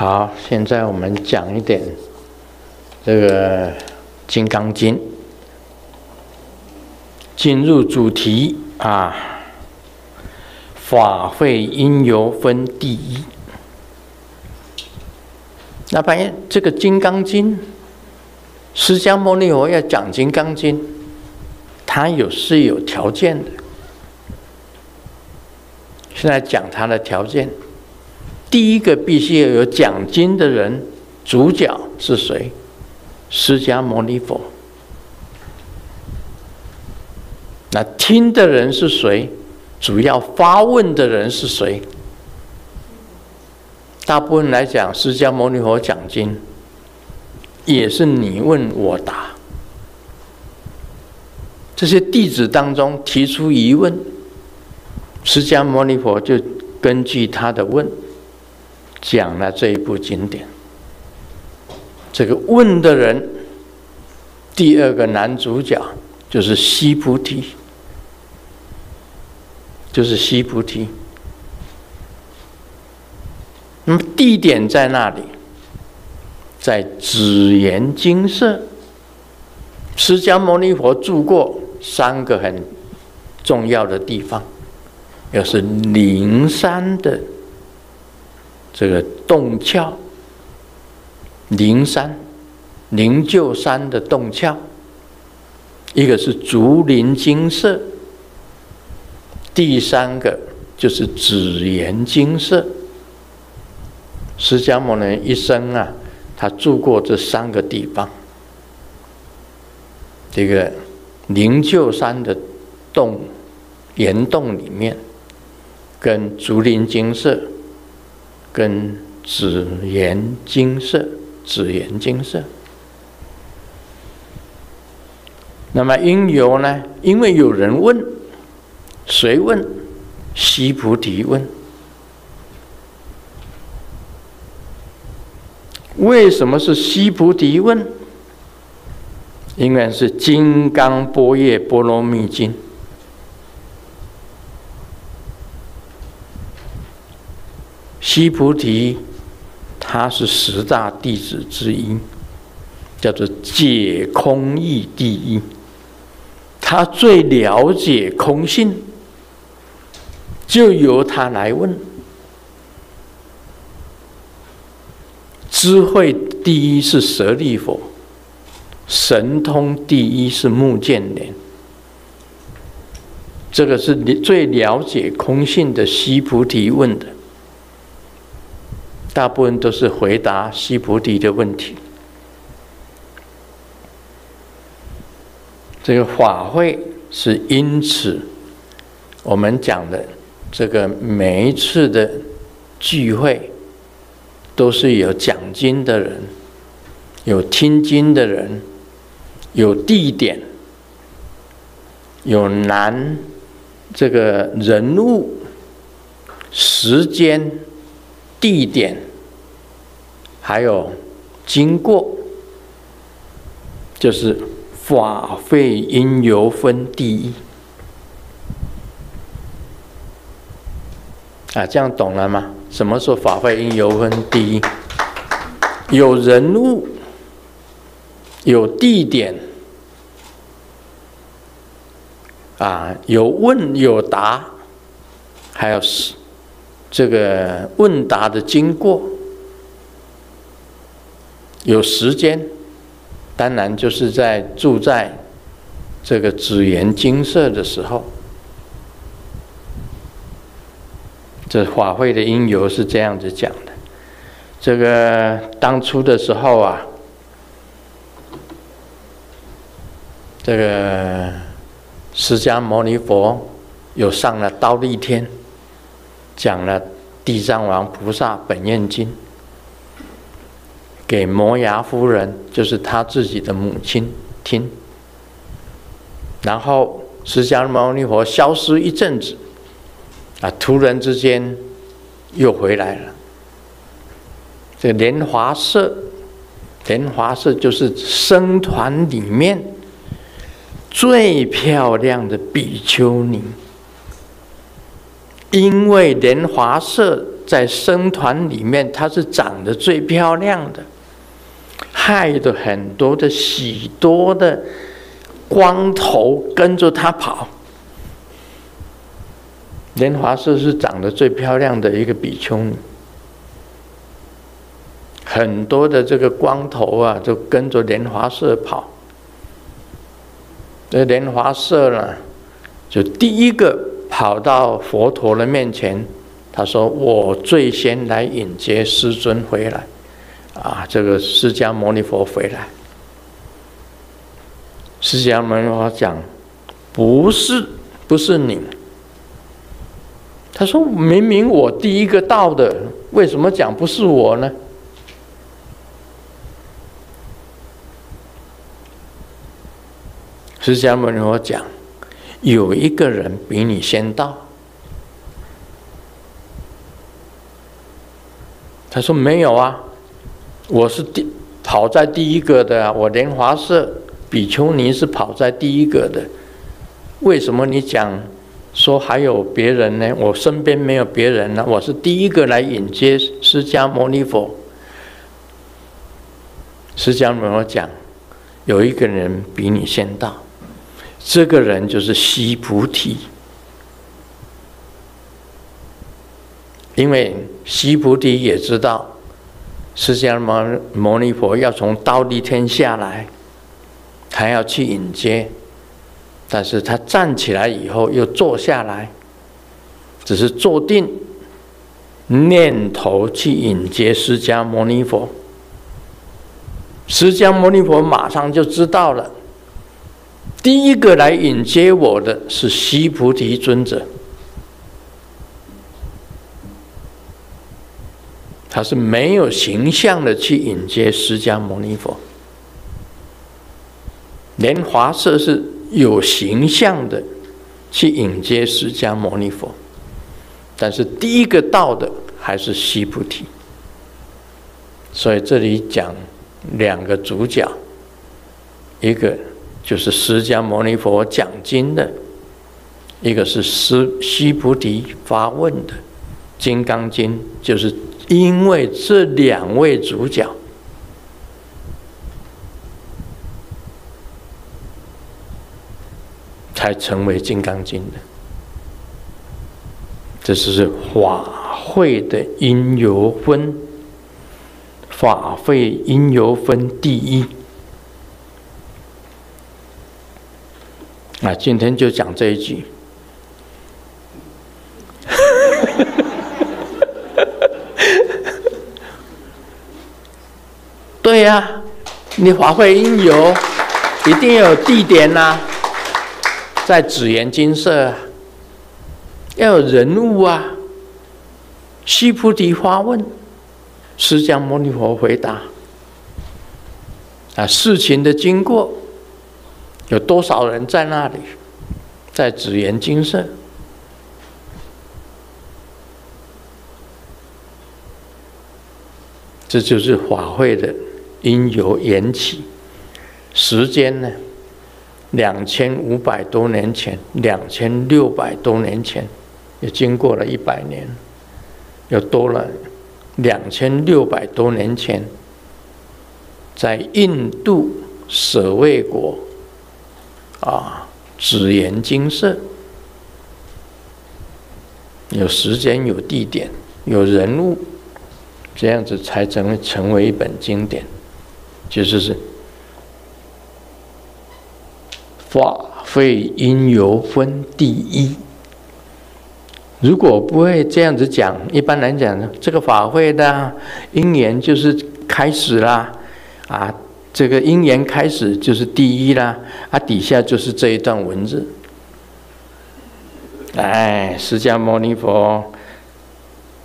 好，現在我們講一點這個《金剛經》，進入主題啊。法會因由分第一。那發現這個《金剛經》，釋迦牟尼佛要講《金剛經》，它有是有條件的。現在講它的條件。第一個必須要有講經的人，主角是誰？釋迦牟尼佛。那聽的人是誰？主要發問的人是誰？大部分來講，釋迦牟尼佛講經，也是你問我答。這些弟子當中提出疑問，釋迦牟尼佛就根據他的問。講了這一部經典，這個問的人，第二個男主角就是須菩提，就是須菩提。那麼地點在哪裡？在祇園精舍。釋迦牟尼佛住過三個很重要的地方，要是靈山的。這個洞竅靈山靈鷲山的洞竅，一個是竹林精舍，第三個就是紫岩精舍。釋迦牟尼一生啊，他住過這三個地方。這個靈鷲山的洞岩洞裡面，跟竹林精舍。跟紫顏金色，紫顏金色。那麼因由呢？因為有人問，誰問？西菩提須菩提問。為什麼是須菩提問？因為是《金剛般若波羅蜜經》。須菩提，他是十大弟子之一，叫做解空義第一。他最了解空性，就由他來問。智慧第一是舍利弗，神通第一是目犍連。這個是你最了解空性的須菩提問的。大部分都是回答須菩提的問題。這個法會是因此，我們講的這個每一次的聚會，都是有講經的人，有聽經的人，有地點，有難這個人物、時間、地點。還有經過，就是法會因由分第一啊，這樣懂了嗎？什麼說法會因由分第一？有人物，有地點，啊，有問有答，還有是這個問答的經過。有時間，當然就是在住在這個紫園精舍的時候，這法會的因由是這樣子講的。這個當初的時候啊，這個釋迦牟尼佛又上了忉利天，講了《地藏王菩薩本願經》。給摩耶夫人，就是他自己的母親聽。然後釋迦牟尼佛消失一陣子，啊，突然之間又回來了。這個蓮華色，蓮華色就是僧團裡面最漂亮的比丘尼，因為蓮華色在僧團裡面，她是長得最漂亮的。帶着很多的許多的光頭跟着他跑，蓮華色是長得最漂亮的一個比丘，很多的這個光頭啊，就跟着蓮華色跑。這蓮華色呢，就第一個跑到佛陀的面前，他說：“我最先來迎接師尊回來。”啊，這個釋迦牟尼佛回來，釋迦牟尼佛講，不是不是你，他說，明明我第一個到的，為什麼講不是我呢？釋迦牟尼佛講，有一個人比你先到，他說沒有啊。我是第跑在第一個的，我蓮華社比丘尼是跑在第一個的。為什麼你講說還有別人呢？我身邊沒有別人呢，啊。我是第一個來迎接釋迦牟尼佛。釋迦牟尼佛講，有一個人比你先到，這個人就是須菩提，因為須菩提也知道。釋迦牟尼佛要從忉利天下來，還要去迎接。但是他站起來以後又坐下來，只是坐定，念頭去迎接釋迦牟尼佛。釋迦牟尼佛馬上就知道了，第一個來迎接我的是須菩提尊者。他是沒有形象的去迎接釋迦牟尼佛，蓮華色是有形象的去迎接釋迦牟尼佛，但是第一個到的還是須菩提。所以這裡講兩個主角，一個就是釋迦牟尼佛講經的，一個是是須菩提發問的，《金剛經》就是。因為這兩位主角，才成為《金剛經》的，這是法會的因由分，法會因由分第一。那今天就講這一句。對呀、啊，你法會因由，一定要有地點呐、啊，在祇園精舍啊，要有人物啊，須菩提發問，釋迦牟尼佛回答，啊，事情的經過，有多少人在那裡，在祇園精舍。這就是法會的。因由緣起，時間呢，兩千五百多年前，兩千六百多年前，也經過了一百年，又多了兩千六百多年前，在印度舍衛國，啊，祇園精舍，有時間，有地點，有人物，這樣子才成為成為一本經典。就是是法會因由分第一。如果不會這樣子講，一般來講，這個法會的因緣就是開始啦，啊，這個因緣開始就是第一啦，啊，底下就是這一段文字。哎，釋迦牟尼佛。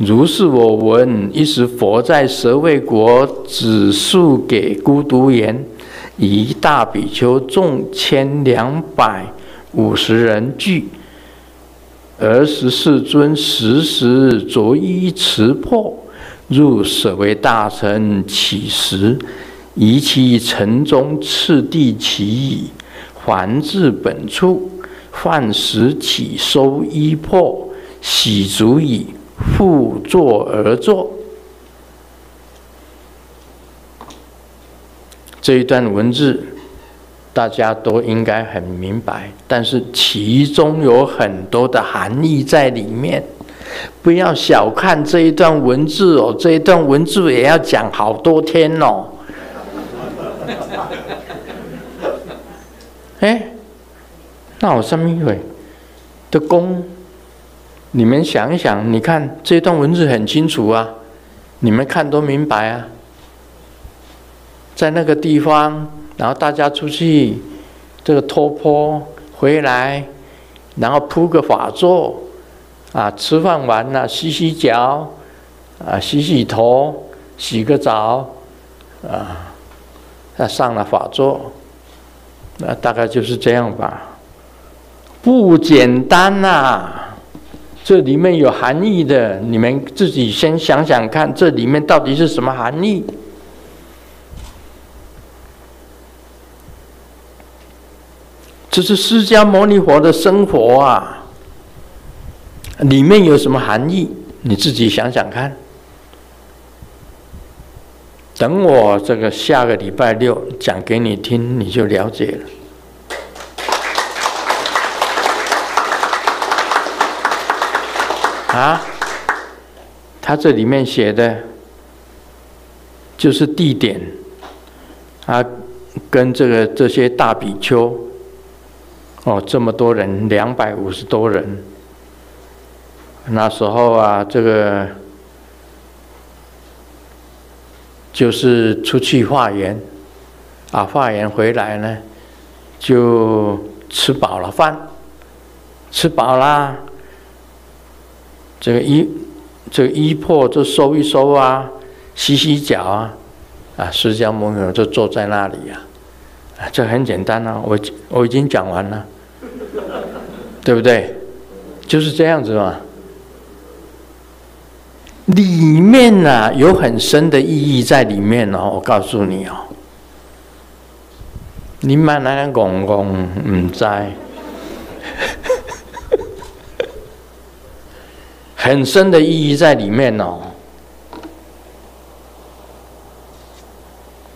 如是我聞：一時，佛在舍衛國祇樹給孤獨園：「一大比丘眾千兩百五十人俱。爾時，世尊食時着衣持缽，入舍衛大城乞食，乞食，於其城中次第乞已，還至本處，飯食訖收衣缽，洗足已。敷座而坐，這一段文字大家都應該很明白，但是其中有很多的含義在裡面。不要小看這一段文字哦，這一段文字也要講好多天哦。哎、 欸，那我上面腿的功。你們想一想，你看這段文字很清楚啊，你們看都明白啊，在那個地方，然後大家出去，這個托缽回來，然後鋪個法座，啊，吃飯完了洗洗腳，啊，洗洗頭，洗個澡，啊，他上了法座，那大概就是這樣吧，不簡單吶、啊。這裡面有含義的，你們自己先想想看，這裡面到底是什麼含義？這是釋迦牟尼佛的生活啊，裡面有什麼含義？你自己想想看。等我這個下個禮拜六講給你聽，你就了解了。啊，他這裡面寫的，就是地點，啊，跟這個這些大比丘，哦，這麼多人，兩百五十多人，那時候啊，這個就是出去化緣，啊，化緣回來呢，就吃飽了飯，吃飽啦。這個衣，這個衣破就收一收啊，洗洗腳啊，啊，釋迦牟尼就坐在那裡啊，啊，這很簡單啊，我我已經講完了， 對不對？就是這樣子嘛，裡面吶、啊、有很深的意義在裡面呢、哦，我告訴你哦，你慢慢來港公嗯，在。 很深的意義在裡面哦。